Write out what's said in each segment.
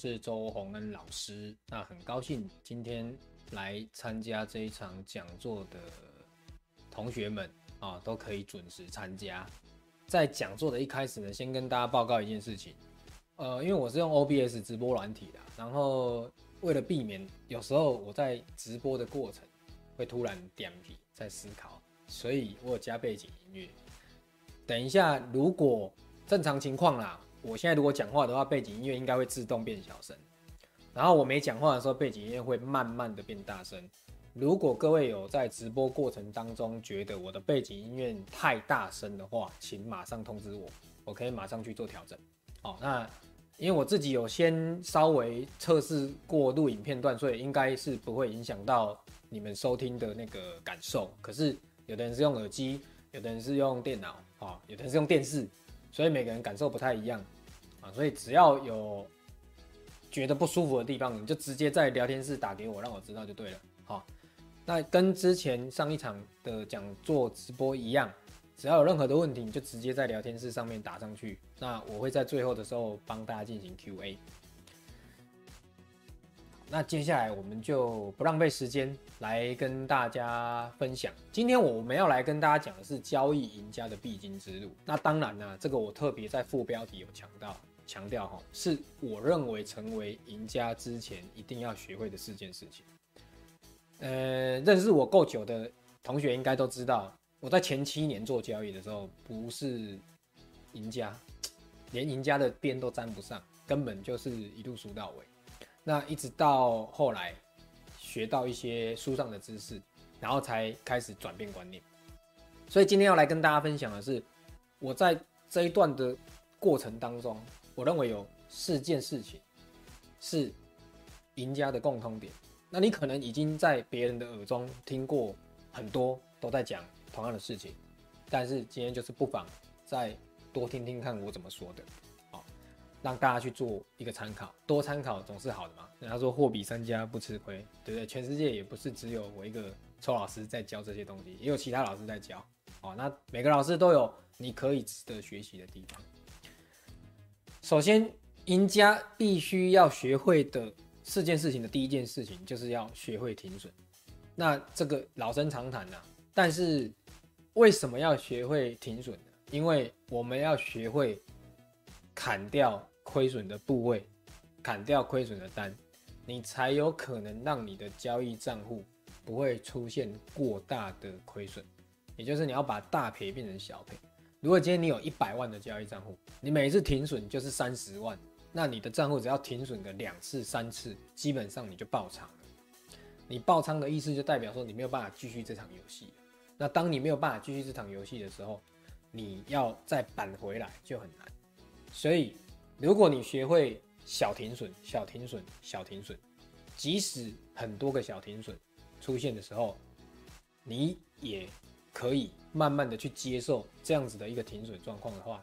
是周洪恩老師，那很高興今天來參加這一場講座的同學們啊，都可以準時參加。在講座的一開始呢，先跟大家報告一件事情，呃，因為我是用 OBS 直播軟體的，然後為了避免有時候我在直播的過程會突然點 m 在思考，所以我有加背景音樂。等一下，如果正常情況啦。我現在如果講話的話，背景音樂應該會自動變小聲，然後我沒講話的時候，背景音樂會慢慢的變大聲。如果各位有在直播過程當中覺得我的背景音樂太大聲的話，請馬上通知我，我可以馬上去做調整。好，那因為我自己有先稍微測試過錄影片段，所以應該是不會影響到你們收聽的那個感受。可是有的人是用耳機，有的人是用電腦，哦，有的人是用電視。所以每個人感受不太一樣，啊，所以只要有覺得不舒服的地方，你就直接在聊天室打給我，讓我知道就對了，好。那跟之前上一場的講座直播一樣，只要有任何的問題，你就直接在聊天室上面打上去，那我會在最後的時候幫大家進行 Q&A。那接下來我們就不浪費時間來跟大家分享。今天我們要來跟大家講的是交易贏家的必經之路。那當然呢、啊，這個我特別在副標題有強調，強調哈，是我認為成為贏家之前一定要學會的四件事情。呃，認識我夠久的同學應該都知道，我在前七年做交易的時候不是贏家，連贏家的邊都沾不上，根本就是一路輸到尾。那一直到後來學到一些書上的知識，然後才開始轉變觀念。所以今天要來跟大家分享的是，我在這一段的過程當中，我認為有四件事情是贏家的共通點。那你可能已經在別人的耳中聽過很多，都在講同樣的事情，但是今天就是不妨再多聽聽看我怎麼說的。讓大家去做一個參考，多參考總是好的嘛。人家說貨比三家不吃虧，對不對？全世界也不是只有我一個周老師在教這些東西，也有其他老師在教。好、哦，那每個老師都有你可以值得學習的地方。首先，贏家必須要學會的四件事情的第一件事情就是要學會停損。那這個老生常談吶、啊，但是為什麼要學會停損呢？因為我們要學會砍掉。虧損的部位，砍掉虧損的單，你才有可能讓你的交易賬戶不會出現過大的虧損。也就是你要把大賠變成小賠。如果今天你有一百萬的交易賬戶，你每次停損就是三十萬，那你的賬戶只要停損個兩次三次，基本上你就爆倉了。你爆倉的意思就代表說你沒有辦法繼續這場遊戲。那當你沒有辦法繼續這場遊戲的時候，你要再扳回來就很難。所以。如果你學會小停損、小停損、小停損，即使很多個小停損出現的時候，你也可以慢慢的去接受這樣子的一個停損狀況的話，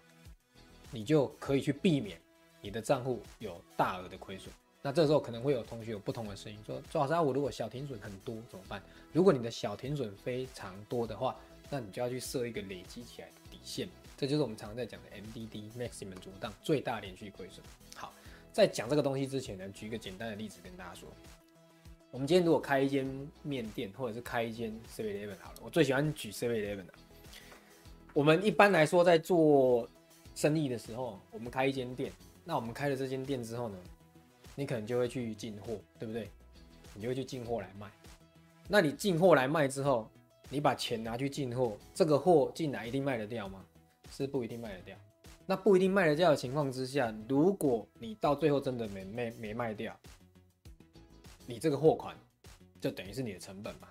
你就可以去避免你的賬戶有大額的虧損。那這時候可能會有同學有不同的聲音說：“莊老師，我如果小停損很多怎麼辦？”如果你的小停損非常多的話，那你就要去設一個累積起來的底線。這就是我們常常在講的 MDD Maximum 主檔最大連續虧損。好，在講這個東西之前呢，舉一個簡單的例子跟大家說。我們今天如果開一間麵店，或者是開一間 Seven Eleven 好了，我最喜歡舉 Seven Eleven 啊。我們一般來說在做生意的時候，我們開一間店，那我們開了這間店之後呢，你可能就會去進貨，對不對？你就會去進貨來賣。那你進貨來賣之後，你把錢拿去進貨，這個貨進來一定賣得掉嗎？是不一定賣得掉，那不一定賣得掉的情況之下，如果你到最後真的沒沒沒賣掉，你這個貨款就等於是你的成本嘛。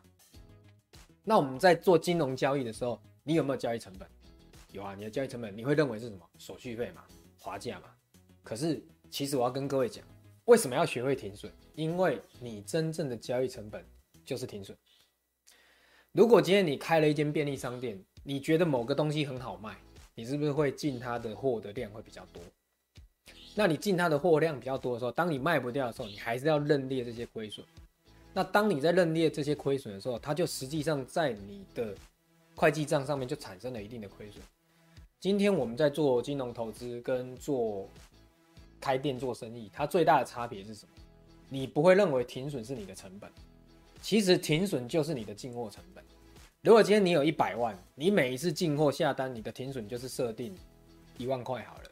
那我們在做金融交易的時候，你有沒有交易成本？有啊，你的交易成本你會認為是什麼？手續費嘛，滑價嘛。可是其實我要跟各位講，為什麼要學會停損？因為你真正的交易成本就是停損。如果今天你開了一間便利商店，你覺得某個東西很好賣。你是不是會進他的貨的量會比較多？那你進他的貨量比較多的時候，當你賣不掉的時候，你還是要認列這些虧損。那當你在認列這些虧損的時候，它就實際上在你的會計賬上面就產生了一定的虧損。今天我們在做金融投資跟做開店做生意，它最大的差別是什麼？你不會認為停損是你的成本，其實停損就是你的進貨成本。如果今天你有一百萬，你每一次進貨下單，你的停損就是設定一萬塊好了，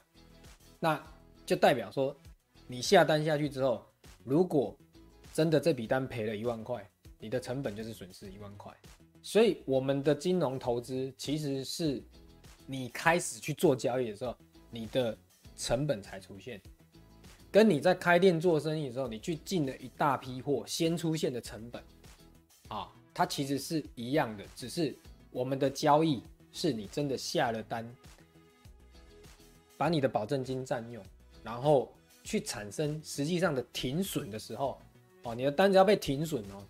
那就代表說你下單下去之後，如果真的這筆單賠了一萬塊，你的成本就是損失一萬塊。所以我們的金融投資其實是你開始去做交易的時候，你的成本才出現，跟你在開店做生意的時候，你去進了一大批貨先出現的成本啊。它其實是一樣的，只是我們的交易是你真的下了單，把你的保證金占用，然後去產生實際上的停損的時候，哦，你的單只要被停損哦，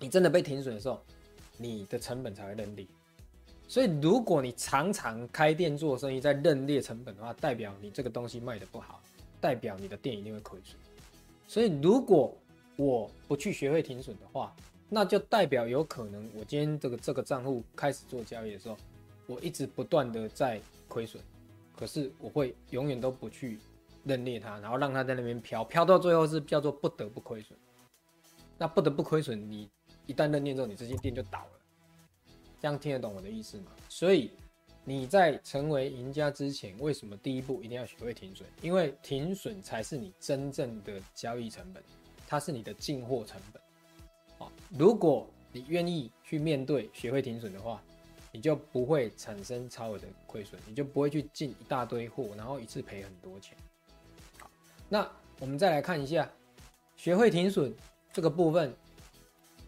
你真的被停損的時候，你的成本才會認列。所以，如果你常常開店做生意在認列成本的話，代表你這個東西賣得不好，代表你的店一定會虧損。所以，如果我不去學會停損的話，那就代表有可能，我今天這個這個賬戶開始做交易的時候，我一直不斷的在虧損，可是我會永遠都不去認列它，然後讓它在那邊飄，飄到最後是叫做不得不虧損。那不得不虧損，你一旦認列之後，你這間店就倒了。這樣聽得懂我的意思嗎？所以你在成為贏家之前，為什麼第一步一定要學會停損？因為停損才是你真正的交易成本，它是你的進貨成本。好，如果你願意去面對學會停損的話，你就不會產生超額的虧損，你就不會去進一大堆貨，然後一次賠很多錢。好，那我們再來看一下學會停損這個部分，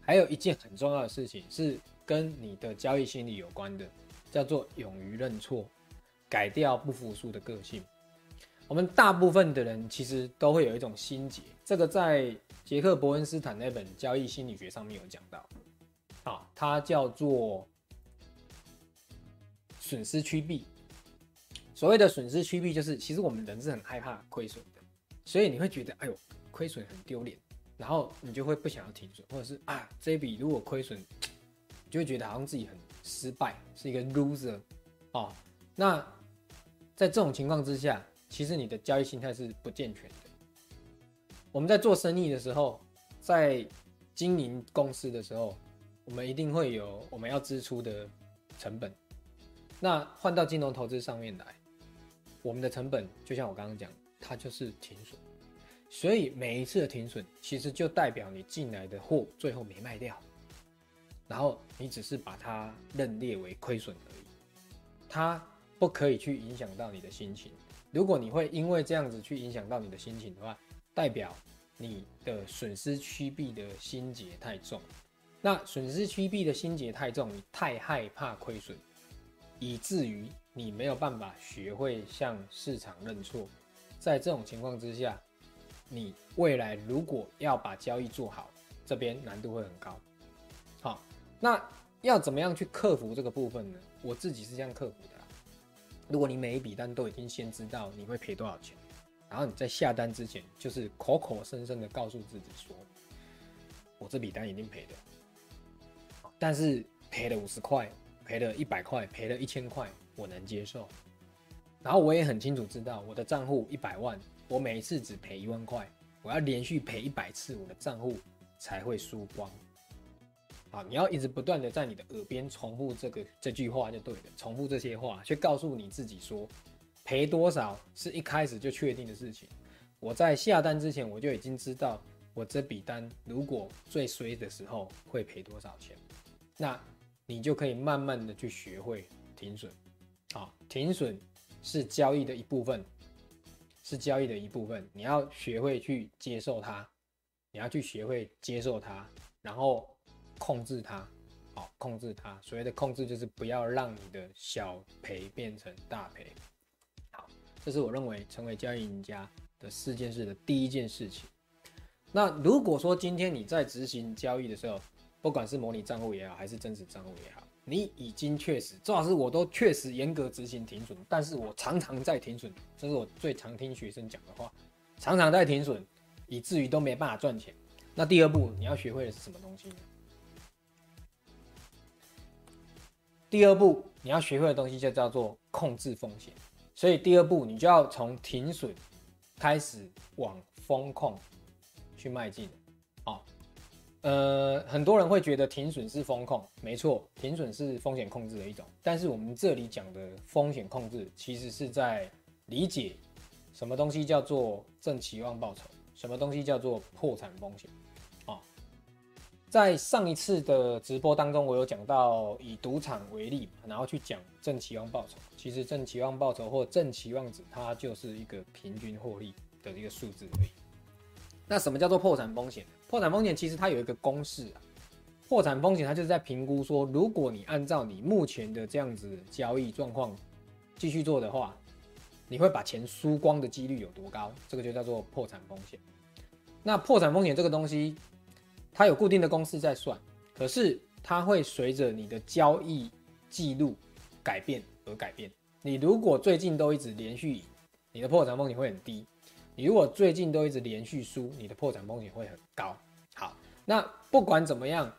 還有一件很重要的事情是跟你的交易心理有關的，叫做勇於認錯，改掉不服輸的個性。我們大部分的人其實都會有一種心結，這個在。傑克·伯恩斯坦那本《交易心理學》上面有講到，啊、哦，它叫做“損失趨避”。所謂的“損失趨避”，就是其實我們人是很害怕虧損的，所以你會覺得，哎呦，虧損很丟臉，然後你就會不想要停損，或者是啊，這一筆如果虧損，就會覺得好像自己很失敗，是一個 loser，啊、哦，那在這種情況之下，其實你的交易心態是不健全的。我們在做生意的時候，在經營公司的時候，我們一定會有我們要支出的成本。那換到金融投資上面來，我們的成本就像我剛剛講，它就是停損。所以每一次的停損，其實就代表你進來的貨最後沒賣掉，然後你只是把它認列為虧損而已。它不可以去影響到你的心情。如果你會因為這樣子去影響到你的心情的話，代表你的損失趨避的心結太重，那損失趨避的心結太重，你太害怕虧損，以至於你沒有辦法學會向市場認錯。在這種情況之下，你未來如果要把交易做好，這邊難度會很高。好，那要怎麼樣去克服這個部分呢？我自己是這樣克服的：如果你每一筆單都已經先知道你會賠多少錢。然後你在下單之前，就是口口聲聲的告訴自己說：“我這筆單一定賠的。”但是賠了五十塊，賠了一百塊，賠了一千塊，我能接受。然後我也很清楚知道，我的賬戶一百萬，我每一次只賠一萬塊，我要連續賠一百次，我的賬戶才會輸光。啊，你要一直不斷的在你的耳邊重複這個這句話就對了，重複這些話，去告訴你自己說。賠多少是一開始就確定的事情。我在下單之前，我就已經知道我這筆單如果最衰的時候會賠多少錢。那你就可以慢慢的去學會停損，好，停損是交易的一部分，是交易的一部分。你要學會去接受它，你要去學會接受它，然後控制它，好，控制它。所謂的控制就是不要讓你的小賠變成大賠。這是我認為成為交易贏家的四件事的第一件事情。那如果說今天你在執行交易的時候，不管是模擬賬戶也好，還是真實賬戶也好，你已經確實周老師我都確實嚴格執行停損，但是我常常在停損，這是我最常聽學生講的話，常常在停損，以至於都沒辦法賺錢。那第二步你要學會的是什麼東西呢？什麼東西？第二步你要學會的東西就叫做控制風險。所以第二步，你就要從停損開始往風控去邁進，啊，呃，很多人會覺得停損是風控，沒錯，停損是風險控制的一種，但是我們這裡講的風險控制，其實是在理解什麼東西叫做正期望報酬，什麼東西叫做破產風險。在上一次的直播當中，我有講到以賭場為例嘛，然後去講正期望報酬。其實正期望報酬或正期望值，它就是一個平均獲利的一個數字而已。那什麼叫做破產風險？破產風險其實它有一個公式啊。破產風險它就是在評估說，如果你按照你目前的這樣子交易狀況繼續做的話，你會把錢輸光的幾率有多高？這個就叫做破產風險。那破產風險這個東西。它有固定的公式在算，可是它會隨着你的交易記錄改變而改變。你如果最近都一直連續贏，你的破產風險會很低；你如果最近都一直連續輸，你的破產風險會很高。好，那不管怎麼樣，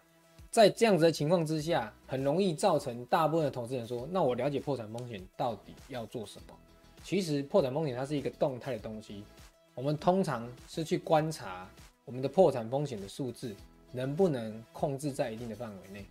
在這樣子的情況之下，很容易造成大部分的投資人說：“那我了解破產風險到底要做什麼？”其實破產風險它是一個動態的東西，我們通常是去觀察。我們的破產風險的數字能不能控制在一定的範圍內？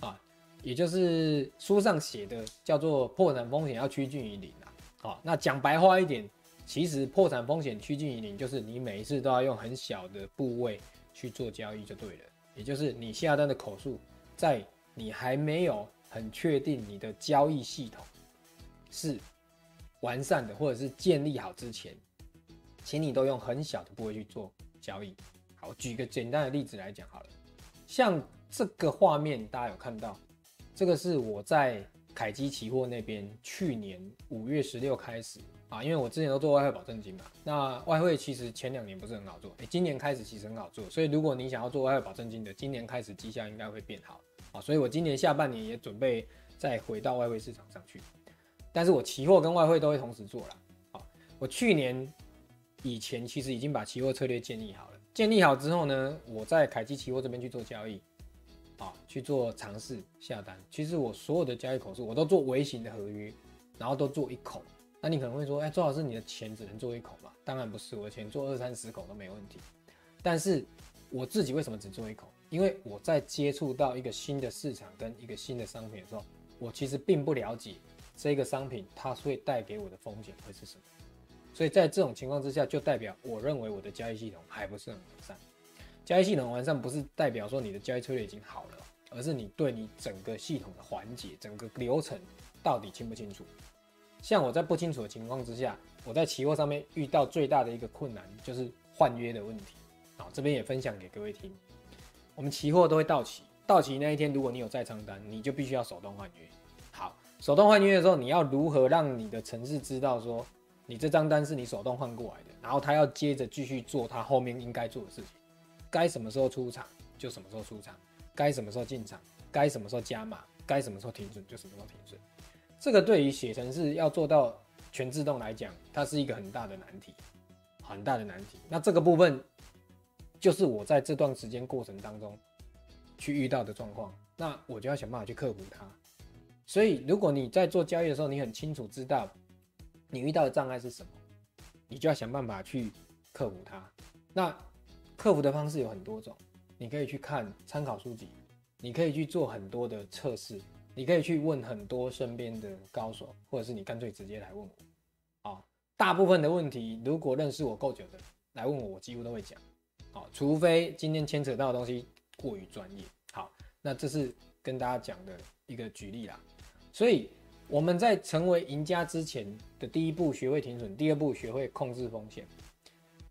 啊，也就是書上寫的叫做破產風險要趨近於零啊。好，啊，那講白話一點，其實破產風險趨近於零，就是你每一次都要用很小的部位去做交易就對了。也就是你下單的口數，在你還沒有很確定你的交易系統是完善的或者是建立好之前，請你都用很小的部位去做交易。我舉個簡單的例子來講好了，像這個畫面大家有看到，這個是我在凱基期貨那邊去年五月十六開始啊，因為我之前都做外匯保證金嘛，那外匯其實前兩年不是很好做，哎，今年開始其實很好做，所以如果你想要做外匯保證金的，今年開始績效應該會變好啊，所以我今年下半年也準備再回到外匯市場上去，但是我期貨跟外匯都會同時做了，啊，我去年以前其實已經把期貨策略建立好了。建立好之後呢，我在凱基期貨這邊去做交易，啊，去做嘗試下單。其實我所有的交易口數我都做微型的合約，然後都做一口。那你可能會說，哎、欸，周老師你的錢只能做一口嘛？當然不是，我的錢做二三十口都沒問題。但是我自己為什麼只做一口？因為我在接觸到一個新的市場跟一個新的商品的時候，我其實並不了解這個商品它會帶給我的風險會是什麼。所以在這種情況之下，就代表我認為我的交易系統還不是很完善。交易系統完善不是代表說你的交易策略已經好了，而是你對你整個系統的環節、整個流程到底清不清楚。像我在不清楚的情況之下，我在期貨上面遇到最大的一個困難就是換約的問題。好，這邊也分享給各位聽。我們期貨都會到期，到期那一天如果你有在倉單，你就必須要手動換約。好，手動換約的時候，你要如何讓你的程式知道說？你這張單是你手動換過來的，然後他要接着繼續做他後面應該做的事情，該什麼時候出場就什麼時候出場，該什麼時候進場，該什麼時候加碼，該什麼時候停損就什麼時候停損。這個對於寫程式要做到全自動來講，它是一個很大的難題，很大的難題。那這個部分就是我在這段時間過程當中去遇到的狀況，那我就要想辦法去克服它。所以，如果你在做交易的時候，你很清楚知道。你遇到的障礙是什麼？你就要想辦法去克服它。那克服的方式有很多種，你可以去看參考書籍，你可以去做很多的測試，你可以去問很多身邊的高手，或者是你乾脆直接來問我。啊，大部分的問題，如果認識我夠久的來問我，我幾乎都會講。啊，除非今天牽扯到的東西過於專業。好，那這是跟大家講的一個舉例啦。所以。我們在成為贏家之前的第一步，學會停損；第二步，學會控制風險。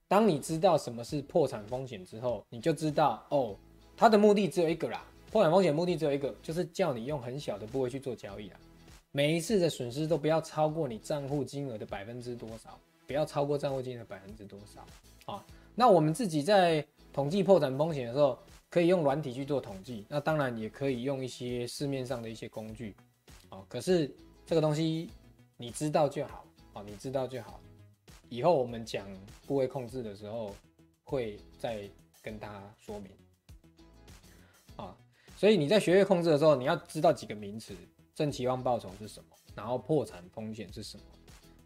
當你知道什麼是破產風險之後，你就知道哦，它的目的只有一個啦。破產風險的目的只有一個，就是叫你用很小的部位去做交易啦。每一次的損失都不要超過你賬戶金額的百分之多少，不要超過賬戶金額的百分之多少啊。那我們自己在統計破產風險的時候，可以用軟體去做統計，那當然也可以用一些市面上的一些工具。啊，可是這個東西你知道就好啊，你知道就好。以後我們講部位控制的時候，會再跟他說明。啊，所以你在學會控制的時候，你要知道幾個名詞，正期望報酬是什麼，然後破產風險是什麼。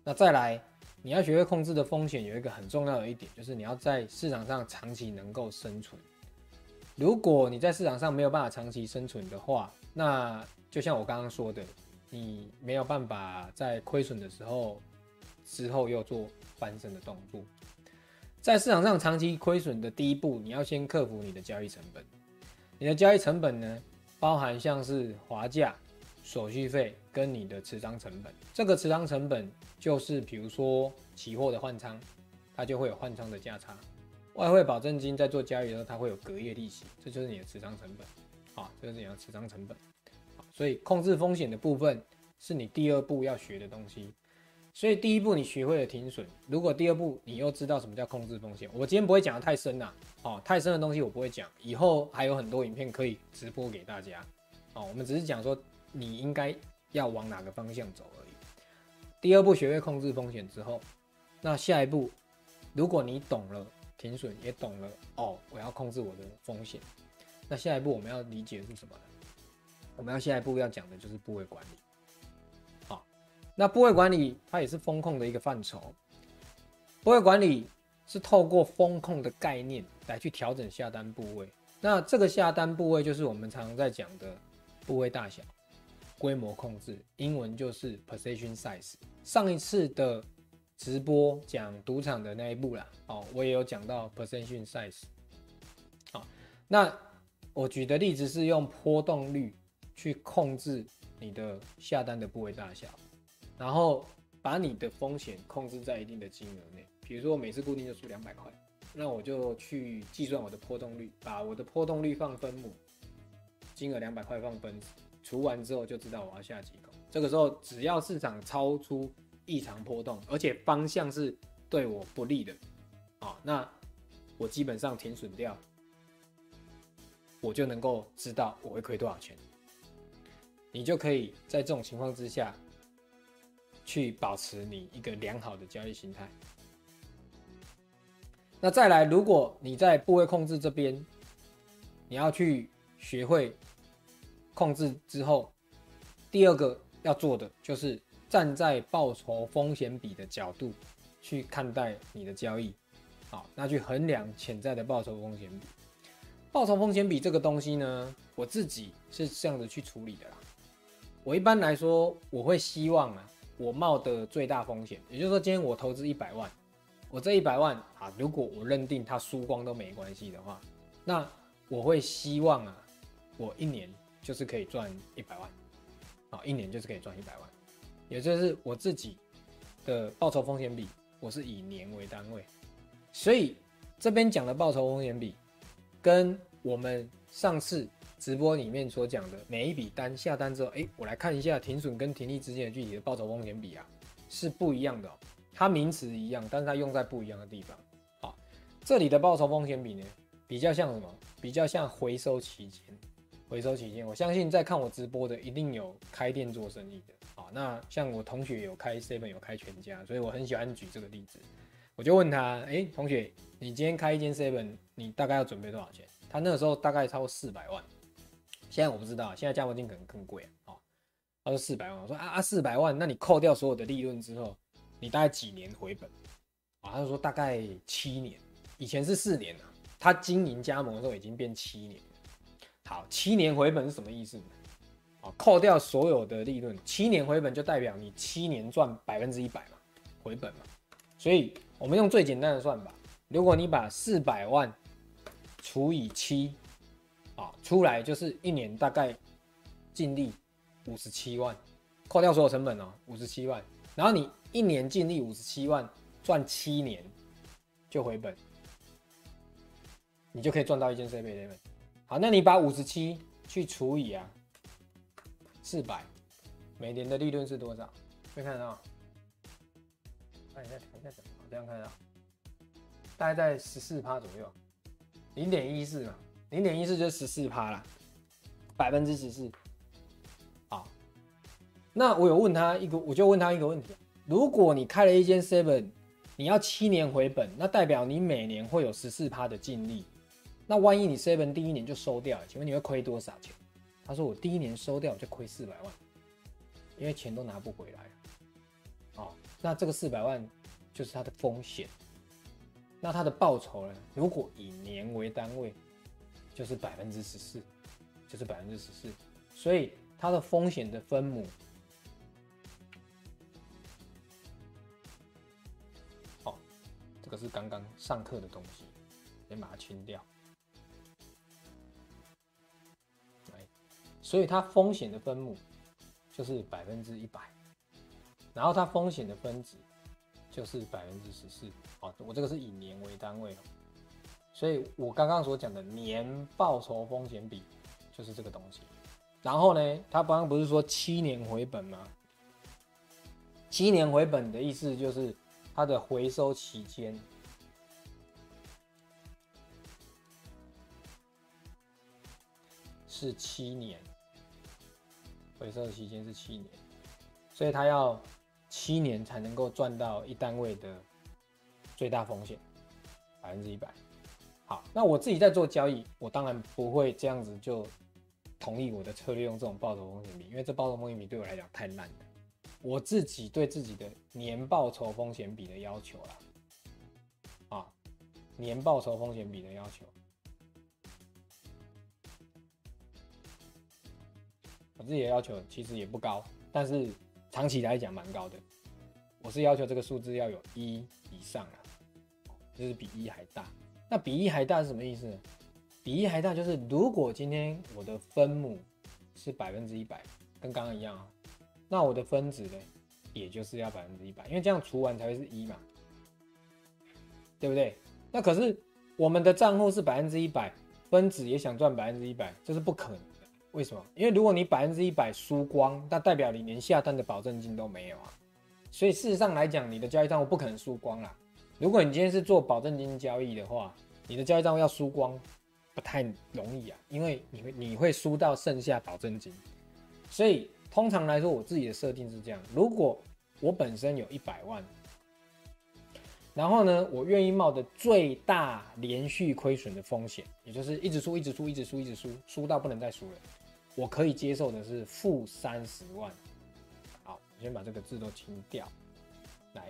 那再來，你要學會控制的風險有一個很重要的一點，就是你要在市場上長期能夠生存。如果你在市場上沒有辦法長期生存的話，那就像我剛剛說的，你沒有辦法在虧損的時候之後又做翻身的動作。在市場上長期虧損的第一步，你要先克服你的交易成本。你的交易成本呢，包含像是滑價、手續費跟你的持倉成本。這個持倉成本就是，比如說期貨的換倉，它就會有換倉的價差；外匯保證金在做交易的時候，它會有隔夜利息，這就是你的持倉成本。啊，這就是你的持倉成本。所以控制風險的部分是你第二步要學的東西。所以第一步你學會了停損，如果第二步你又知道什麼叫控制風險，我今天不會講得太深吶、啊，哦，太深的東西我不會講，以後還有很多影片可以直播給大家，哦，我們只是講說你應該要往哪個方向走而已。第二步學會控制風險之後，那下一步，如果你懂了停損，也懂了哦，我要控制我的風險，那下一步我們要理解是什麼呢？我們要下一步要講的就是部位管理，好，那部位管理它也是風控的一個範疇，部位管理是透過風控的概念來去調整下單部位，那這個下單部位就是我們常常在講的部位大小，規模控制，英文就是 position size。上一次的直播講賭場的那一部啦，哦，我也有講到 position size，好，那我舉的例子是用波動率。去控制你的下單的部位大小，然後把你的風險控制在一定的金額內。比如說我每次固定就輸兩百塊，那我就去計算我的波動率，把我的波動率放分母，金額兩百塊放分子，除完之後就知道我要下幾口。這個時候只要市場超出異常波動，而且方向是對我不利的，啊，那我基本上停損掉，我就能夠知道我會虧多少錢。你就可以在這種情況之下去保持你一個良好的交易心態。那再來，如果你在部位控制這邊，你要去學會控制之後，第二個要做的就是站在報酬風險比的角度去看待你的交易，好，那去衡量潛在的報酬風險比。報酬風險比這個東西呢，我自己是這樣子去處理的啦。我一般來說，我會希望啊，我冒的最大風險，也就是說，今天我投資一百萬，我這一百萬啊，如果我認定它輸光都沒關係的話，那我會希望啊，我一年就是可以賺一百萬，啊，一年就是可以賺一百萬，也就是我自己的報酬風險比，我是以年為單位，所以這邊講的報酬風險比，跟我們上次。直播裡面所講的每一筆單下單之後，誒，我來看一下停損跟停利之間的具體的報酬風險比啊，是不一樣的哦。它名詞一樣，但是它用在不一樣的地方。好，這裡的報酬風險比呢，比較像什麼？比較像回收期間，回收期間。我相信在看我直播的一定有開店做生意的。好，那像我同學有開 seven，有開全家，所以我很喜歡舉這個例子。我就問他，誒，同學，你今天開一間 seven，你大概要準備多少錢？他那個時候大概超過四百萬。現在我不知道，現在加盟金可能更貴啊。哦、他說四百萬，我說啊啊四百萬，那你扣掉所有的利潤之後，你大概幾年回本啊、哦？他就說大概七年，以前是四年、啊、他經營加盟的時候已經變七年。好，七年回本是什麼意思呢、哦？扣掉所有的利潤，七年回本就代表你七年賺百分之一百嘛，回本嘛。所以我們用最簡單的算法，如果你把四百萬除以七。啊、哦，出來就是一年大概淨利五十七萬，扣掉所有成本哦，五十七萬。然後你一年淨利五十七萬，賺七年就回本，你就可以賺到一件設備，姐妹。好，那你把五十七去除以啊四百，400, 每年的利潤是多少？可以看到？看一下，看一下，好，這樣看到，大概在十四趴左右，零點一四嘛。零點一四就是十四趴啦，百分之十四。啊，oh, 那我有問他一個，我就問他一個問題。如果你開了一間 seven，你要七年回本，那代表你每年會有十四趴的淨利。那萬一你 seven 第一年就收掉了，請問你會虧多少錢？他說我第一年收掉我就虧四百萬，因為錢都拿不回來。哦、oh,，那這個四百萬就是他的風險。那他的報酬呢？如果以年為單位？就是百分之十四，就是百分之十四，所以它的風險的分母，好，這個是剛剛上課的東西，先把它清掉。所以它風險的分母就是百分之一百，然後它風險的分子就是百分之十四。喔，我這個是以年為單位。所以我剛剛所講的年報酬風險比，就是這個東西。然後呢，他剛剛不是說七年回本嗎？七年回本的意思就是它的回收期間是七年，回收期間是七年，所以它要七年才能夠賺到一單位的最大風險百分之一百。好，那我自己在做交易，我當然不會這樣子就同意我的策略用這種報酬風險比，因為這報酬風險比對我來講太爛了。我自己對自己的年報酬風險比的要求啦，啊，年報酬風險比的要求，我自己的要求其實也不高，但是長期來講蠻高的。我是要求這個數字要有一以上啊，就是比一還大。那比一還大是什麼意思呢？比一還大就是如果今天我的分母是百分之一百，跟剛剛一樣，喔，那我的分子呢，也就是要百分之一百，因為這樣除完才會是一嘛，對不對？那可是我們的賬戶是百分之一百，分子也想賺百分之一百，這是不可能的。為什麼？因為如果你百分之一百輸光，那代表你連下單的保證金都沒有啊。所以事實上來講，你的交易賬戶不可能輸光啦。如果你今天是做保證金交易的話，你的交易賬戶要輸光，不太容易啊，因為你會你會輸到剩下保證金。所以通常來說，我自己的設定是這樣：如果我本身有一百萬，然後呢，我願意冒著的最大連續虧損的風險，也就是一直輸、一直輸、一直輸、一直輸，輸到不能再輸了，我可以接受的是負三十萬。好，我先把這個字都清掉，來。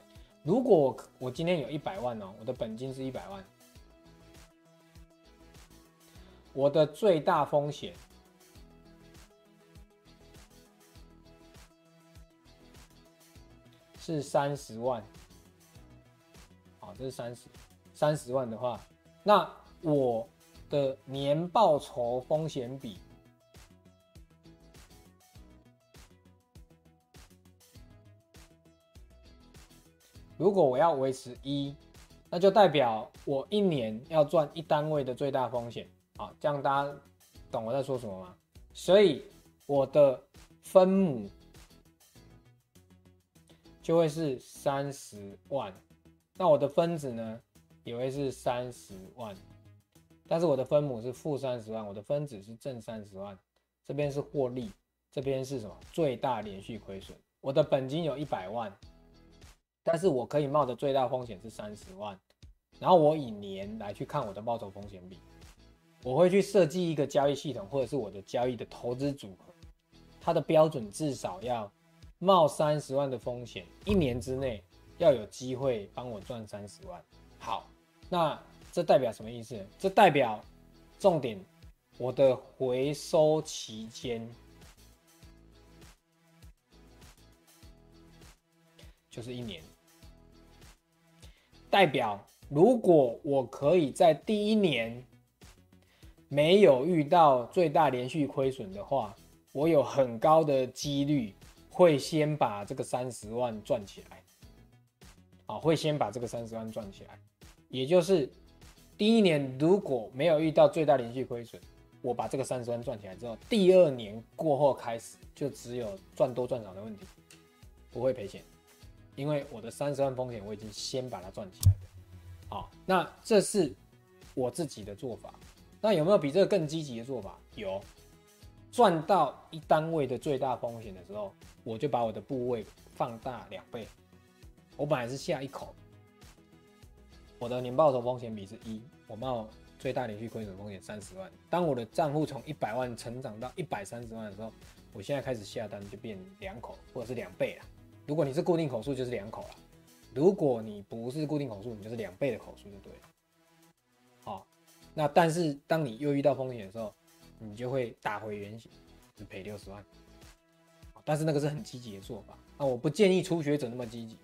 如果我我今天有一百萬哦，我的本金是一百萬，我的最大風險是三十萬，好，這是三十三十萬的話，那我的年報酬風險比。如果我要維持一，那就代表我一年要賺一單位的最大風險，好，這樣大家懂我在說什麼嗎？所以我的分母就會是三十萬，那我的分子呢？也會是三十萬，但是我的分母是負三十萬，我的分子是正三十萬，這邊是獲利，這邊是什麼？最大連續虧損。我的本金有一百萬。但是我可以冒的最大風險是三十萬，然後我以年來去看我的報酬風險比，我會去設計一個交易系統，或者是我的交易的投資組合，它的標準至少要冒三十萬的風險，一年之內要有機會幫我賺三十萬。好，那這代表什麼意思？這代表重點，我的回收期間就是一年。代表，如果我可以在第一年沒有遇到最大連續虧損的話，我有很高的幾率會先把這個三十萬賺起來。啊、哦，會先把這個三十萬賺起來。也就是第一年如果沒有遇到最大連續虧損，我把這個三十萬賺起來之後，第二年過後開始就只有賺多賺少的問題，不會賠錢。因為我的三十萬風險我已經先把它賺起來了。好，那這是我自己的做法。那有沒有比這個更積極的做法？有，賺到一單位的最大風險的時候，我就把我的部位放大兩倍。我本來是下一口，我的年報酬風險比是一，我冒最大連續虧損風險三十萬。當我的賬戶從一百萬成長到一百三十萬的時候，我現在開始下單就變兩口，或者是兩倍了。如果你是固定口數，就是兩口了；如果你不是固定口數，你就是兩倍的口數就對了。好，那但是當你又遇到風險的時候，你就會打回原形，只賠六十萬。好，但是那個是很積極的做法，那我不建議初學者那麼積極。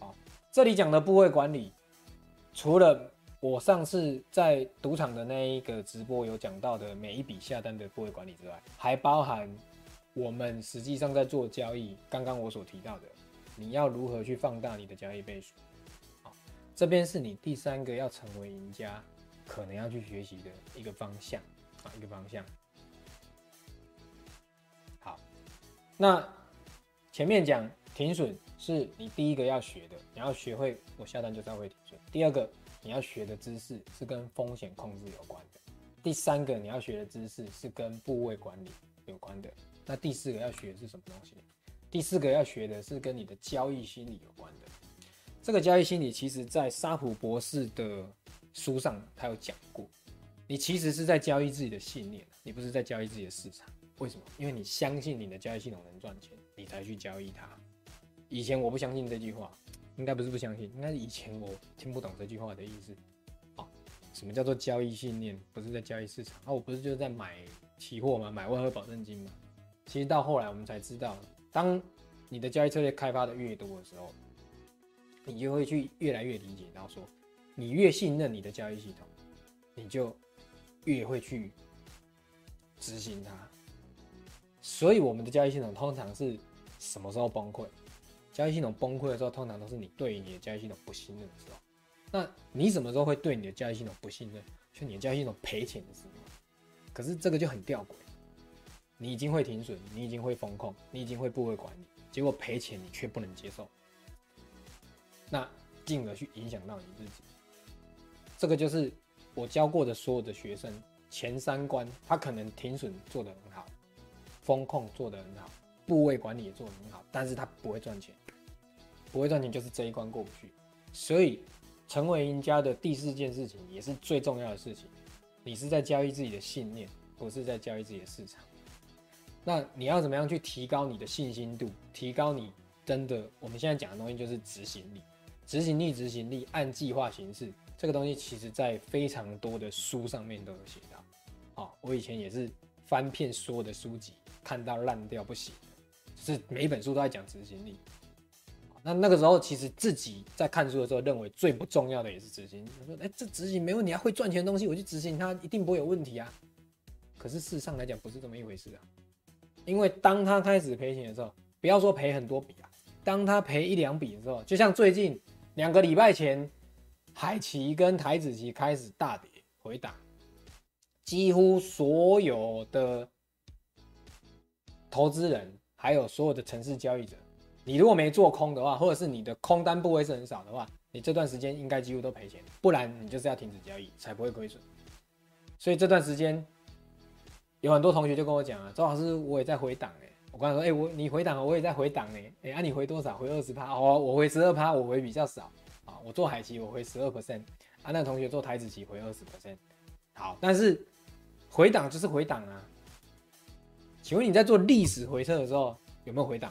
好，這裡講的部位管理，除了我上次在賭場的那一個直播有講到的每一筆下單的部位管理之外，還包含我們實際上在做交易，剛剛我所提到的。你要如何去放大你的交易倍數？好，這邊是你第三個要成為贏家，可能要去學習的一個方向啊，一個方向。好，那前面講停損是你第一個要學的，你要學會我下單就到位停損。第二個你要學的知識是跟風險控制有關的，第三個你要學的知識是跟部位管理有關的。那第四個要學的是什麼東西？第四個要學的是跟你的交易心理有關的。這個交易心理，其實在沙普博士的書上他有講過。你其實是在交易自己的信念，你不是在交易自己的市場。為什麼？因為你相信你的交易系統能賺錢，你才去交易它。以前我不相信這句話，應該不是不相信，應該是以前我聽不懂這句話的意思。啊，什麼叫做交易信念？不是在交易市場那，啊，我不是就在買期貨嗎？買外匯保證金嗎？其實到後來我們才知道。當你的交易策略開發的越多的時候，你就會去越來越理解到說，你越信任你的交易系統，你就越會去執行它。所以我們的交易系統通常是什麼時候崩潰？交易系統崩潰的時候，通常都是你對你的交易系統不信任的時候。那你什麼時候會對你的交易系統不信任？就你的交易系統賠錢的時候。可是這個就很吊詭。你已經會停損，你已經會風控，你已經會部位管理，結果賠錢你卻不能接受，那進而去影響到你自己。這個就是我教過的所有的學生前三關，他可能停損做得很好，風控做得很好，部位管理也做得很好，但是他不會賺錢，不會賺錢就是這一關過不去。所以成為贏家的第四件事情，也是最重要的事情，你是在交易自己的信念，不是在交易自己的市場。那你要怎麼樣去提高你的信心度？提高你真的我們現在講的東西就是執行力，執行力，執行力，按計劃行事。這個東西其實在非常多的書上面都有寫到。好，我以前也是翻遍所有的書籍，看到爛掉不行，就是每本書都在講執行力。好，那那個時候其實自己在看書的時候，認為最不重要的也是執行力。我說，誒、欸，這執行沒問題啊，會賺錢的東西我去執行它，一定不會有問題啊。可是事實上來講，不是這麼一回事啊。因為當他開始賠錢的時候，不要說賠很多筆啊，當他賠一兩筆的時候，就像最近兩個禮拜前，海期跟台指期開始大跌回檔，幾乎所有的投資人，還有所有的程式交易者，你如果沒做空的話，或者是你的空單部位是很少的話，你這段時間應該幾乎都賠錢，不然你就是要停止交易才不會虧損。所以這段時間。有很多同學就跟我講啊，周老師，我也在回檔哎、欸。我剛才說，哎，我你回檔我也在回檔哎。哎啊，你回多少？回二十趴？哦，我回十二趴，我回比較少啊。我做海期，我回十二 percent。啊，那個、同學做台指期回二十 percent。好，但是回檔就是回檔啊。請問你在做歷史回撤的時候有沒有回檔？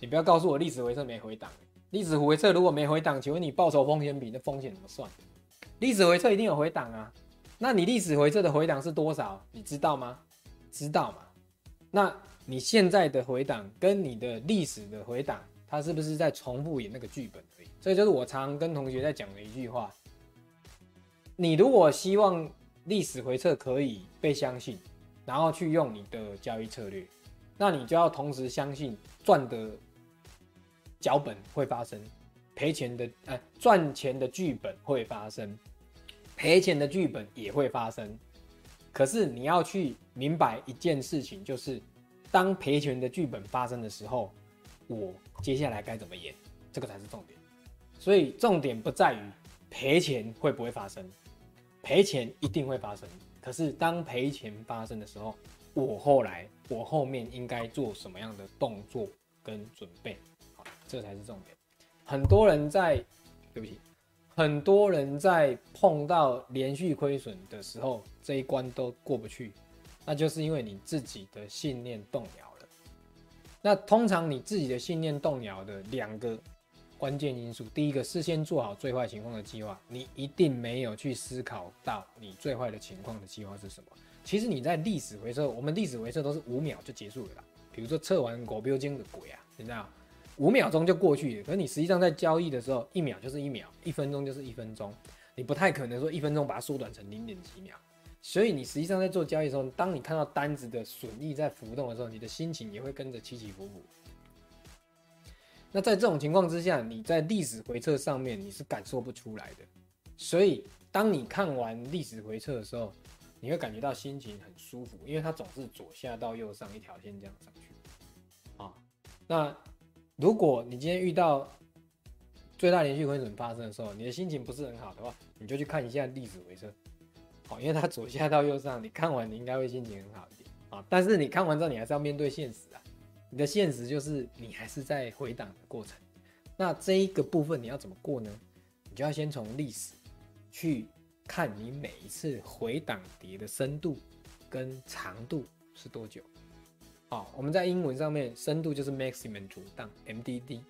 你不要告訴我歷史回撤沒回檔、欸。歷史回撤如果沒回檔，請問你報酬風險比那風險怎麼算？歷史回撤一定有回檔啊。那你歷史回撤的回檔是多少？你知道嗎？知道嗎？那你現在的回檔跟你的歷史的回檔，它是不是在重複演那個劇本而已？所以就是我常跟同學在講的一句話：你如果希望歷史回撤可以被相信，然後去用你的交易策略，那你就要同時相信賺的腳本會發生，賠錢的呃，賺錢的劇本會發生。賠錢的劇本也會發生，可是你要去明白一件事情，就是當賠錢的劇本發生的時候，我接下來該怎麼演，這個才是重點。所以重點不在於賠錢會不會發生，賠錢一定會發生。可是當賠錢發生的時候，我後來我後面應該做什麼樣的動作跟準備，好，這才是重點。很多人在，對不起。很多人在碰到連續虧損的時候，這一關都過不去，那就是因為你自己的信念動搖了。那通常你自己的信念動搖的兩個關鍵因素，第一個，事先做好最壞情況的計劃，你一定沒有去思考到你最壞的情況的計劃是什麼。其實你在歷史回測，我們歷史回測都是五秒就結束了啦，比如說測完國標金的鬼啊，你知道？五秒鐘就過去了，可是你實際上在交易的時候，一秒就是一秒，一分鐘就是一分鐘，你不太可能說一分鐘把它縮短成零點幾秒。所以你實際上在做交易的時候，當你看到單子的損益在浮動的時候，你的心情也會跟着起起伏伏。那在這種情況之下，你在歷史回測上面你是感受不出來的。所以當你看完歷史回測的時候，你會感覺到心情很舒服，因為它總是左下到右上一條線這樣上去，啊、哦，那。如果你今天遇到最大連續虧損發生的時候，你的心情不是很好的話，你就去看一下歷史回聲。哦，因為它左下到右上，你看完你應該會心情很好一點啊、哦。但是你看完之後，你還是要面對現實啊。你的現實就是你還是在回檔的過程。那這一個部分你要怎麼過呢？你就要先從歷史去看你每一次回檔跌的深度跟長度是多久。啊、哦，我們在英文上面，深度就是 maximum drawdown MDD，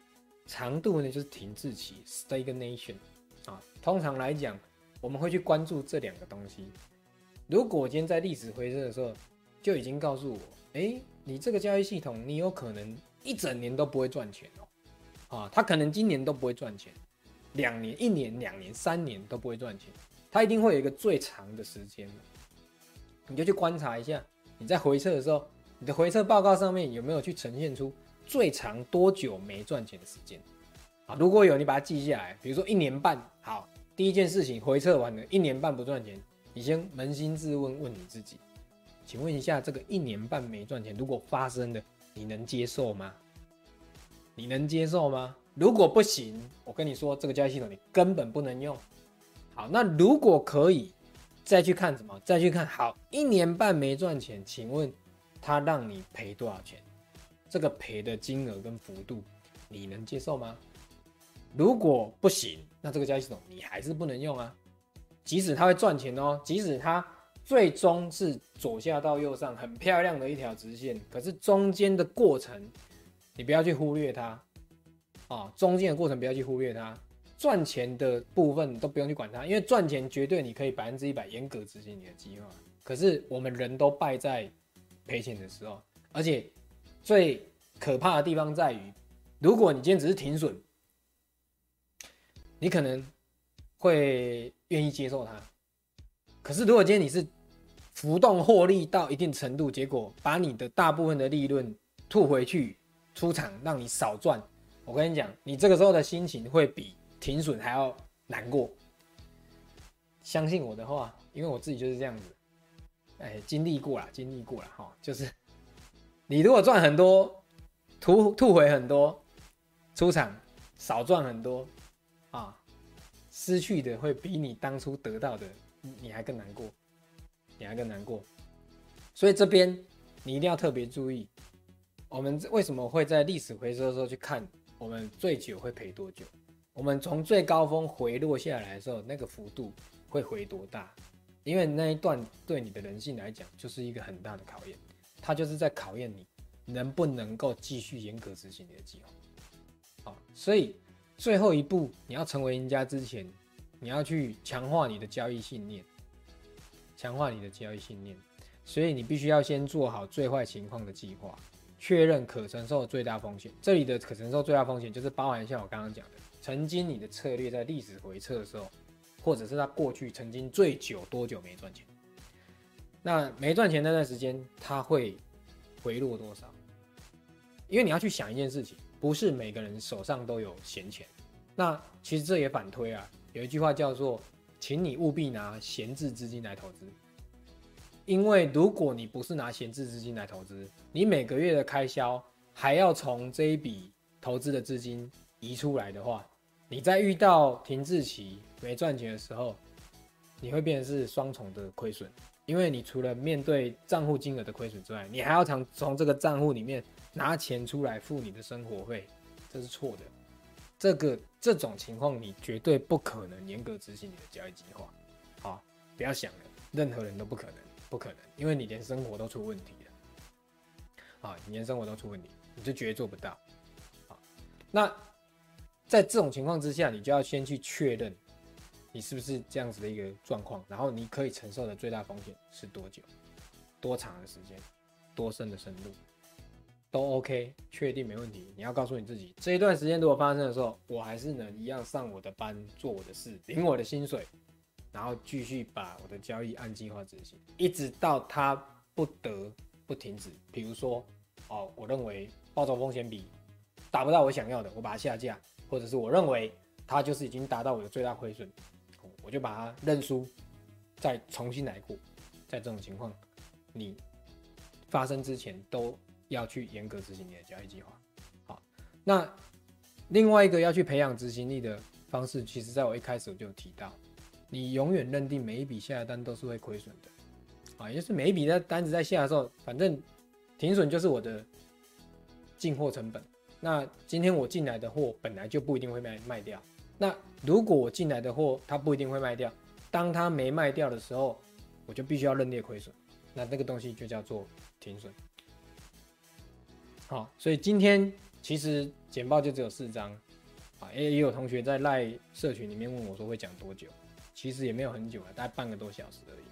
長度呢，就是停滯期 stagnation，啊、哦，通常來講，我們會去關注這兩個東西。如果今天在歷史回測的時候，就已經告訴我，哎、欸，你這個交易系統，你有可能一整年都不會賺錢哦，啊、哦，他可能今年都不會賺錢，兩年、一年、兩年、三年都不會賺錢，他一定會有一個最長的時間，你就去觀察一下，你在回測的時候。你的回測報告上面有沒有去呈現出最長多久沒賺錢的時間？啊，如果有，你把它記下來。比如說一年半，好，第一件事情，回測完了一年半不賺錢，你先捫心自問，問你自己，請問一下，這個一年半沒賺錢，如果發生的，你能接受嗎？你能接受嗎？如果不行，我跟你說，這個交易系統你根本不能用。好，那如果可以，再去看什麼？再去看，好，一年半沒賺錢，請問。他讓你賠多少錢？這個賠的金額跟幅度，你能接受嗎？如果不行，那這個交易系統你還是不能用啊。即使它會賺錢哦，即使它最終是左下到右上很漂亮的一條直線，可是中間的過程你不要去忽略它啊。中間的過程不要去忽略它，賺錢的部分都不用去管它，因為賺錢絕對你可以百分之一百嚴格執行你的計劃。可是我們人都敗在。賠錢的時候，而且最可怕的地方在於，如果你今天只是停損，你可能會願意接受它。可是如果今天你是浮動獲利到一定程度，結果把你的大部分的利潤吐回去出場，讓你少賺，我跟你講，你這個時候的心情會比停損還要難過。相信我的話，因為我自己就是這樣子。哎，經歷過了，經歷過了哈、哦，就是你如果賺很多，吐吐回很多，出場少賺很多，啊、哦，失去的會比你當初得到的，你還更難過，你還更難過。所以這邊你一定要特別注意，我們為什麼會在歷史回測的時候去看我們最久會賠多久？我們從最高峰回落下來的時候，那個幅度會回多大？因為那一段對你的人性來講就是一個很大的考驗，它就是在考驗你能不能夠繼續嚴格執行你的計劃。好，所以最後一步你要成為贏家之前，你要去強化你的交易信念，強化你的交易信念。所以你必須要先做好最壞情況的計劃，確認可承受的最大風險。這裡的可承受最大風險就是包含像我剛剛講的，曾經你的策略在歷史回測的時候。或者是他過去曾經最久多久沒賺錢？那沒賺錢那段時間他會回落多少？因為你要去想一件事情，不是每個人手上都有閒錢。那其實這也反推啊，有一句話叫做“請你務必拿閒置資金來投資”，因為如果你不是拿閒置資金來投資，你每個月的開銷還要從這一筆投資的資金移出來的話。你在遇到停滯期沒賺錢的時候，你會變成是雙重的虧損，因為你除了面對賬戶金額的虧損之外，你還要從從這個賬戶裡面拿錢出來付你的生活費，這是錯的。這個這種情況你絕對不可能嚴格執行你的交易計劃，好，不要想了，任何人都不可能，不可能，因為你連生活都出問題了，好，你連生活都出問題，你就絕對做不到，好，那。在這種情況之下，你就要先去確認，你是不是這樣子的一個狀況，然後你可以承受的最大風險是多久、多長的時間、多深的深度，都 OK，確定沒問題。你要告訴你自己，這一段時間如果發生的時候，我還是能一樣上我的班、做我的事、領我的薪水，然後繼續把我的交易按計劃執行，一直到它不得不停止。比如說，哦，我認為報酬風險比達不到我想要的，我把它下架。或者是我認為它就是已經達到我的最大虧損，我就把它認輸，再重新來過。在這種情況，你發生之前都要去嚴格執行你的交易計劃。好，那另外一個要去培養執行力的方式，其實在我一開始我就提到，你永遠認定每一筆下的單都是會虧損的，啊，也就是每一筆的單子在下的時候，反正停損就是我的進貨成本。那今天我進來的貨本來就不一定會賣賣掉。那如果我進來的貨它不一定會賣掉，當它沒賣掉的時候，我就必須要認列虧損。那那個東西就叫做停損。好，所以今天其實簡報就只有四張。啊，也也有同學在賴社群裡面問我說會講多久，其實也沒有很久了啊，大概半個多小時而已。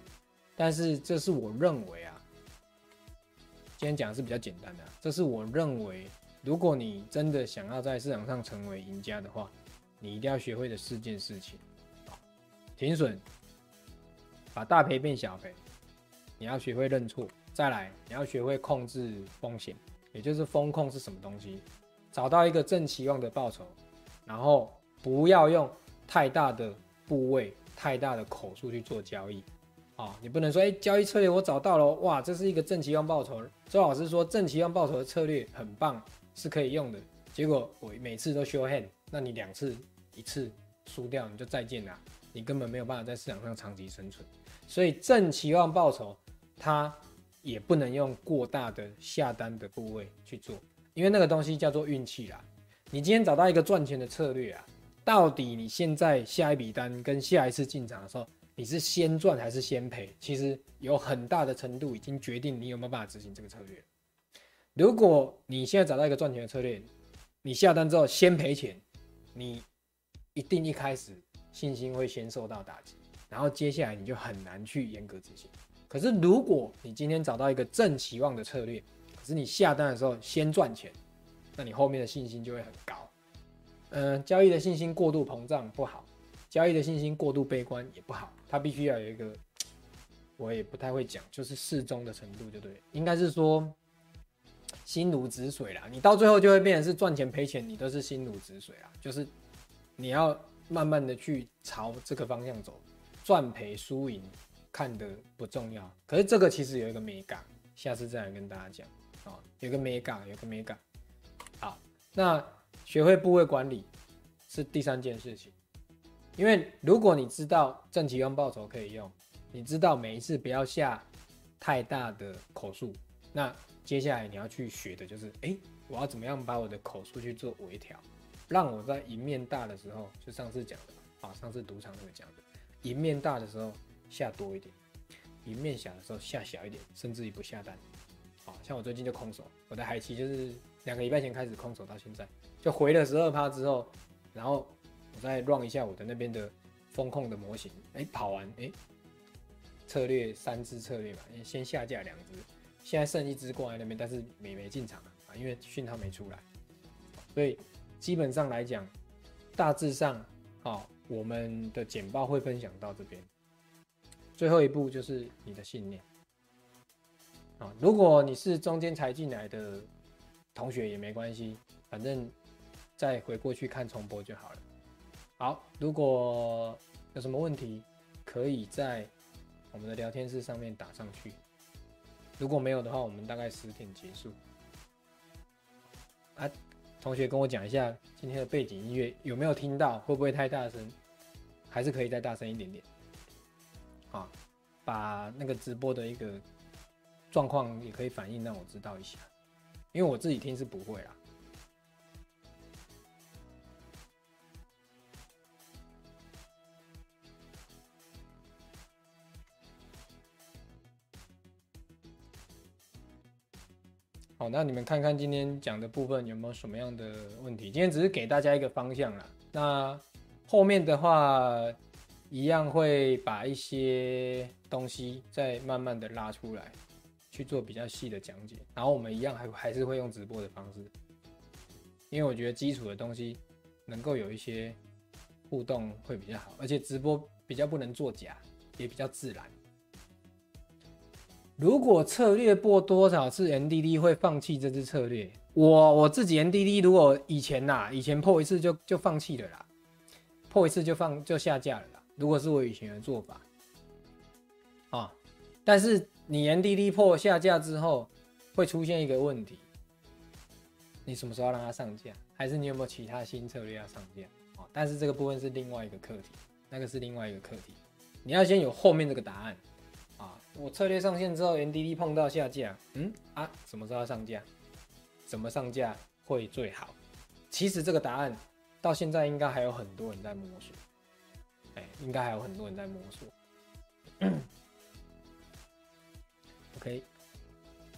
但是這是我認為啊，今天講的是比較簡單的啊，這是我認為。如果你真的想要在市場上成為贏家的話，你一定要學會的四件事情：停損，把大賠變小賠；你要學會認錯；再來，你要學會控制風險，也就是風控是什麼東西？找到一個正期望的報酬，然後不要用太大的部位、太大的口數去做交易。啊、哦，你不能說哎、欸，交易策略我找到了，哇，這是一個正期望報酬。周老師說正期望報酬的策略很棒。是可以用的，結果我每次都 show hand，那你兩次一次輸掉，你就再見了，你根本沒有辦法在市場上長期生存。所以正期望報酬，它也不能用過大的下單的部位去做，因為那個東西叫做運氣啦。你今天找到一個賺錢的策略啊，到底你現在下一筆單跟下一次進場的時候，你是先賺還是先賠？其實有很大的程度已經決定你有沒有辦法執行這個策略。如果你現在找到一個賺錢的策略，你下單之後先賠錢，你一定一開始信心會先受到打擊，然後接下來你就很難去嚴格執行。可是如果你今天找到一個正期望的策略，可是你下單的時候先賺錢，那你後面的信心就會很高。嗯，交易的信心過度膨脹不好，交易的信心過度悲觀也不好，它必須要有一個，我也不太會講，就是適中的程度，就對，應該是說。心如止水啦，你到最後就會變成是賺錢賠錢，你都是心如止水啊。就是你要慢慢的去朝這個方向走，賺賠輸贏看得不重要。可是這個其實有一個美感，下次再來跟大家講啊、喔，有個美感，有個美感。好，那學會部位管理是第三件事情，因為如果你知道正期望報酬可以用，你知道每一次不要下太大的口數。那。接下來你要去學的就是，哎、欸，我要怎麼樣把我的口數去做微調，讓我在贏面大的時候，就上次講的，啊，上次賭場那個講的，贏面大的時候下多一點，贏面小的時候下小一點，甚至於不下單。好、啊、像我最近就空手，我的海期就是兩個禮拜前開始空手到現在，就回了十二趴之後，然後我再 run 一下我的那邊的風控的模型，哎、欸，跑完，哎、欸，策略，三支策略吧、欸，先下架兩支。現在剩一隻過來那邊，但是沒沒進場了啊，因為訊號沒出來，所以基本上來講，大致上，啊、哦，我們的簡報會分享到這邊。最後一步就是你的信念啊、哦，如果你是中間才進來的同學也沒關係，反正再回過去看重播就好了。好，如果有什麼問題，可以在我們的聊天室上面打上去。如果沒有的話，我們大概十點結束。啊，同學跟我講一下今天的背景音樂有沒有聽到，會不會太大聲？還是可以再大聲一點點。啊，把那個直播的一個狀況也可以反映讓我知道一下，因為我自己聽是不會啦。那你們看看今天講的部分有沒有什麼樣的問題？今天只是給大家一個方向啦。那後面的話一樣會把一些東西再慢慢的拉出來，去做比較細的講解。然後我們一樣還還是會用直播的方式，因為我覺得基礎的東西能夠有一些互動會比較好，而且直播比較不能作假，也比較自然。如果策略破多少次，MDD 會放棄這支策略？我我自己 MDD，如果以前吶、啊，以前破一次就就放棄了啦，破一次就放就下架了啦。如果是我以前的做法，啊、哦，但是你 MDD 破下架之後會出現一個問題，你什麼時候要讓它上架？還是你有沒有其他新策略要上架？啊、哦，但是這個部分是另外一個課題，那個是另外一個課題，你要先有後面這個答案。我策略上線之後，MDD 碰到下架，嗯啊，什麼時候要上架？怎麼上架會最好？其實這個答案到現在應該還有很多人在摸索，哎、欸，應該還有很多人在摸索。嗯嗯嗯、 OK，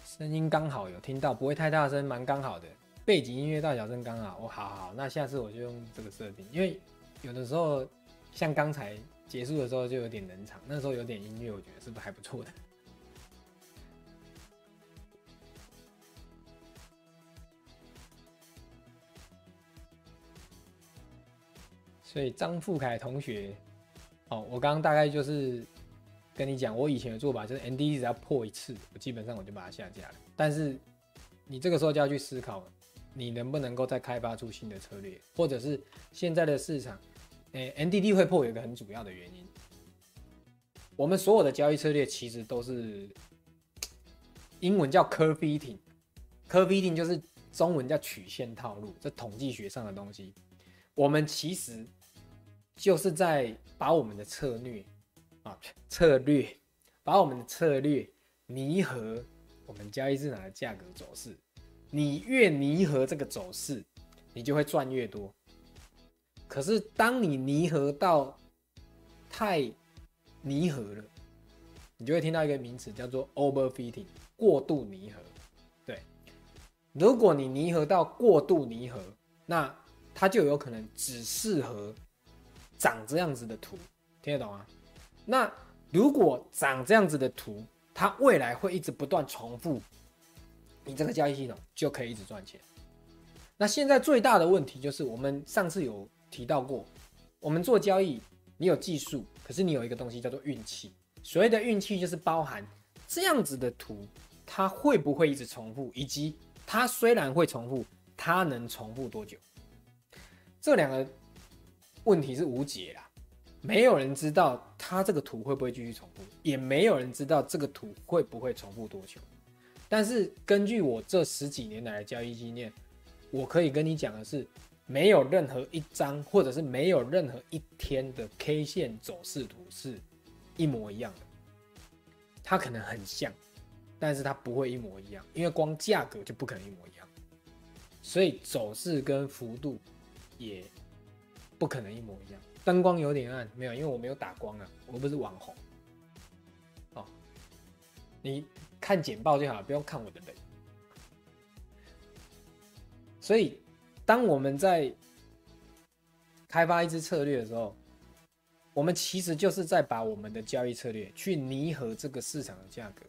聲音剛好有聽到，不會太大聲，蠻剛好的。背景音樂大小聲剛好。我、哦、好好，那下次我就用這個設定，因為有的時候像剛才。結束的時候就有點冷場，那時候有點音樂，我覺得是不是還不錯的。所以張富凱同學，哦，我剛剛大概就是跟你講，我以前的做法就是 ND 只要破一次，我基本上我就把它下架了。但是你這個時候就要去思考，你能不能夠再開發出新的策略，或者是現在的市場。誒、欸、NDD 會破有一個很主要的原因。我們所有的交易策略其實都是英文叫 curve fitting，curve fitting 就是中文叫曲線套路，這統計學上的東西。我們其實就是在把我們的策略啊策略，把我們的策略擬合我們交易市場的價格走勢。你越擬合這個走勢，你就會賺越多。可是，當你擬合到太擬合了，你就會聽到一個名詞叫做 overfitting 過度擬合。對，如果你擬合到過度擬合，那它就有可能只適合長這樣子的圖，聽得懂嗎、啊？那如果長這樣子的圖，它未來會一直不斷重複，你這個交易系統就可以一直賺錢。那現在最大的問題就是，我們上次有。提到過，我們做交易，你有技術，可是你有一個東西叫做運氣。所謂的運氣，就是包含這樣子的圖，它會不會一直重複，以及它雖然會重複，它能重複多久？這兩個問題是無解啦，沒有人知道它這個圖會不會繼續重複，也沒有人知道這個圖會不會重複多久。但是根據我這十幾年來的交易經驗，我可以跟你講的是。沒有任何一張，或者是沒有任何一天的 K 線走勢圖是一模一樣的。它可能很像，但是它不會一模一樣，因為光價格就不可能一模一樣，所以走勢跟幅度也不可能一模一樣。燈光有點暗，沒有，因為我沒有打光啊，我不是網紅。哦，你看簡報就好，不用看我的人。所以。當我們在開發一支策略的時候，我們其實就是在把我們的交易策略去擬合這個市場的價格。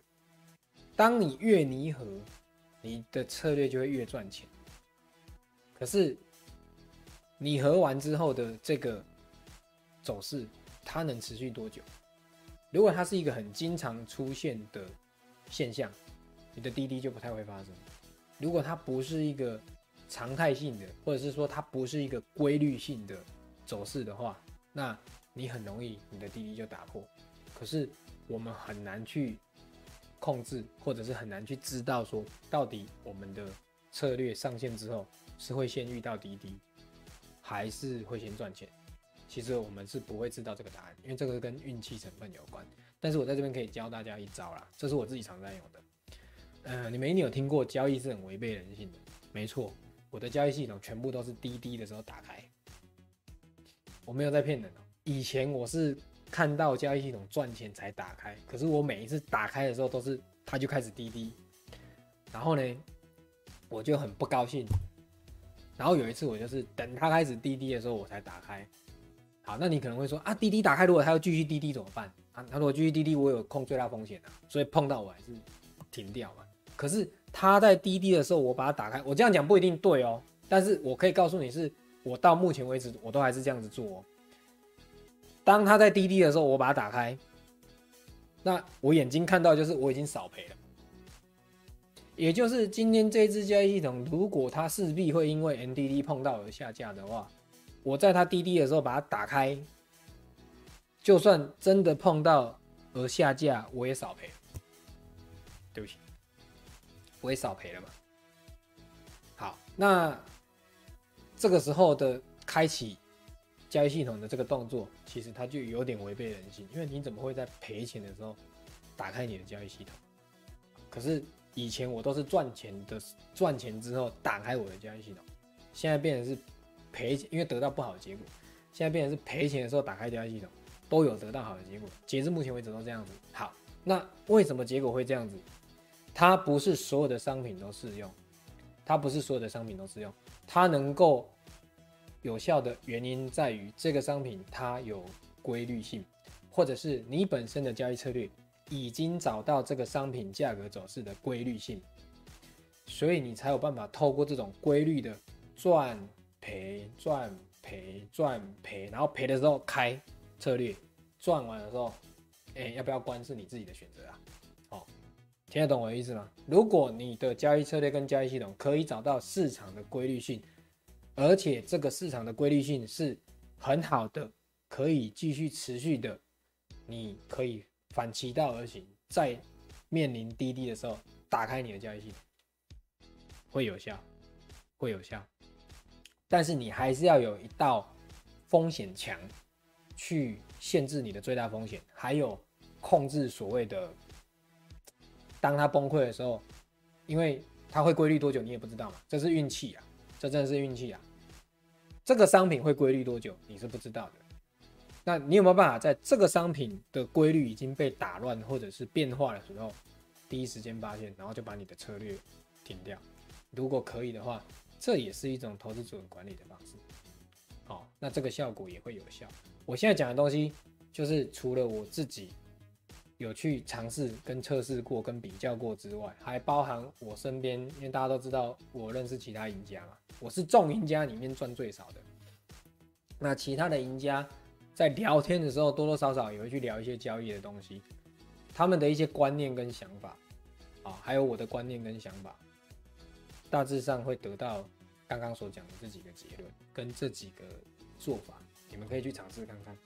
當你越擬合，你的策略就會越賺錢。可是擬合完之後的這個走勢，它能持續多久？如果它是一個很經常出現的現象，你的 DD 就不太會發生。如果它不是一個。常態性的，或者是說它不是一個規律性的走勢的話，那你很容易你的 DD 就打破。可是我們很難去控制，或者是很難去知道說到底我們的策略上線之後是會先遇到 DD，還是會先賺錢。其實我們是不會知道這個答案，因為這個是跟運氣成分有關。但是我在這邊可以教大家一招啦，這是我自己常在用的。呃，你們一定有聽過交易是很違背人性的，沒錯。我的交易系統全部都是滴滴的時候打開，我沒有在騙人喔。以前我是看到交易系統賺錢才打開，可是我每一次打開的時候都是它就開始滴滴，然後呢，我就很不高興。然後有一次我就是等它開始滴滴的時候我才打開。好，那你可能會說啊，滴滴打開，如果它要繼續滴滴怎麼辦啊？它如果繼續滴滴，我有控最大風險啊，所以碰到我還是停掉嘛。可是。他在滴滴的時候，我把它打開。我這樣講不一定對哦，但是我可以告訴你，是我到目前為止我都還是這樣子做哦。當他在滴滴的時候，我把它打開，那我眼睛看到就是我已經少賠了。也就是今天這隻交易系統，如果它勢必會因為 MDD 碰到而下架的話，我在它滴滴的時候把它打開，就算真的碰到而下架，我也少賠。對不起。不會少賠了嘛？好，那這個時候的開啟交易系統的這個動作，其實它就有點違背人性，因為你怎麼會在賠錢的時候打開你的交易系統？可是以前我都是賺錢的，賺錢之後打開我的交易系統，現在變成是賠錢，因為得到不好的結果，現在變成是賠錢的時候打開交易系統，都有得到好的結果。截至目前為止都這樣子。好，那為什麼結果會這樣子？它不是所有的商品都適用，它不是所有的商品都適用。它能夠有效的原因在於這個商品它有規律性，或者是你本身的交易策略已經找到這個商品價格走勢的規律性，所以你才有辦法透過這種規律的賺賠賺賠賺賠，然後賠的時候開策略，賺完的時候，哎、欸、要不要關是你自己的選擇啊。聽得懂我的意思嗎？如果你的交易策略跟交易系統可以找到市場的規律性，而且這個市場的規律性是很好的，可以繼續持續的，你可以反其道而行，在面臨滴滴的時候打開你的交易系統，會有效，會有效。但是你還是要有一道風險牆，去限制你的最大風險，還有控制所謂的。當它崩潰的時候，因為它會規律多久，你也不知道嘛，這是運氣啊，這真的是運氣啊。這個商品會規律多久，你是不知道的。那你有沒有辦法在這個商品的規律已經被打亂或者是變化的時候，第一時間發現，然後就把你的策略停掉？如果可以的話，這也是一種投資組合管理的方式。好，那這個效果也會有效。我現在講的東西，就是除了我自己。有去嘗試跟測試過、跟比較過之外，還包含我身邊，因為大家都知道我認識其他贏家嘛，我是眾贏家裡面賺最少的。那其他的贏家在聊天的時候，多多少少也會去聊一些交易的東西，他們的一些觀念跟想法，啊、哦，還有我的觀念跟想法，大致上會得到剛剛所講的這幾個結論跟這幾個做法，你們可以去嘗試看看。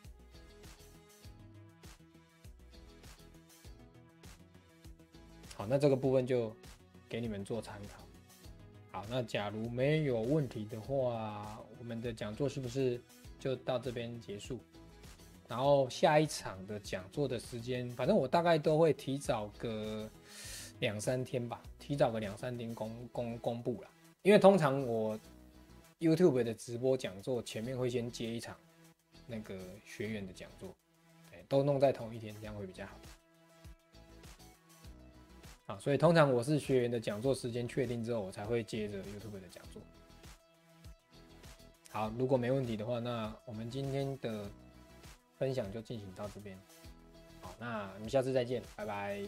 好，那這個部分就給你們做參考。好，那假如沒有問題的話，我們的講座是不是就到這邊結束？然後下一場的講座的時間，反正我大概都會提早個兩三天吧，提早個兩三天公公公布啦，因為通常我 YouTube 的直播講座前面會先接一場那個學員的講座，對，都弄在同一天，這樣會比較好。啊，所以通常我是學員的講座時間確定之後，我才會接着 YouTube 的講座。好，如果沒問題的話，那我們今天的分享就進行到這邊。好，那我們下次再見，拜拜。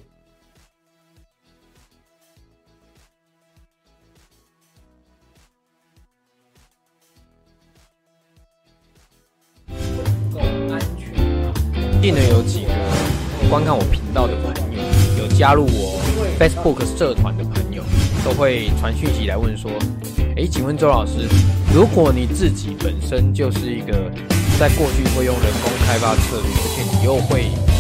互動安全有幾個觀看我頻道的觀加入我 Facebook 社團的朋友，都會傳訊息來問說：欸，請問周老師，如果你自己本身就是一個在過去會用人工開發策略，而且你又會。